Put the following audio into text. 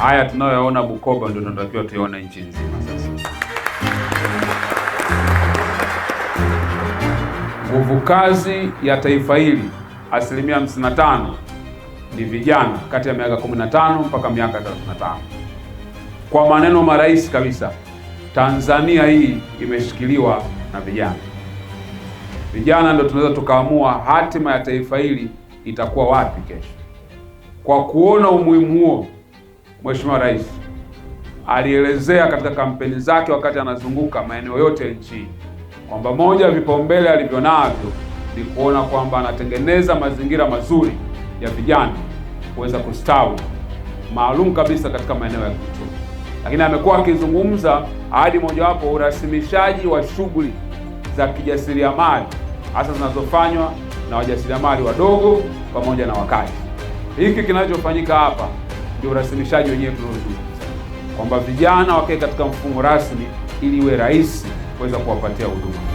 haya tunayoyaona Bukoba ndio tunatakiwa tuyaona nchi nzima. Sasa nguvu kazi ya taifa hili asilimia 55 ni vijana kati ya miaka 15 mpaka miaka 35. Kwa maneno marahisi kabisa, Tanzania hii imeshikiliwa na vijana. Vijana ndio tunaweza tukaamua hatima ya taifa hili itakuwa wapi kesho. Kwa kuona umuhimu huo Mheshimiwa Rais alielezea katika kampeni zake wakati anazunguka maeneo yote nchini kwamba moja ya vipaumbele alivyo navyo ni kuona kwamba anatengeneza mazingira mazuri ya vijana kuweza kustawi maalum kabisa katika maeneo ya kiuchumi, lakini amekuwa akizungumza hadi mojawapo, urasimishaji wa shughuli za kijasiriamali hasa zinazofanywa na wajasiriamali wadogo pamoja na wakati. Hiki kinachofanyika hapa ndio urasimishaji wenyewe tunaozungumza, kwamba vijana wakae katika mfumo rasmi ili iwe rahisi kuweza kuwapatia huduma.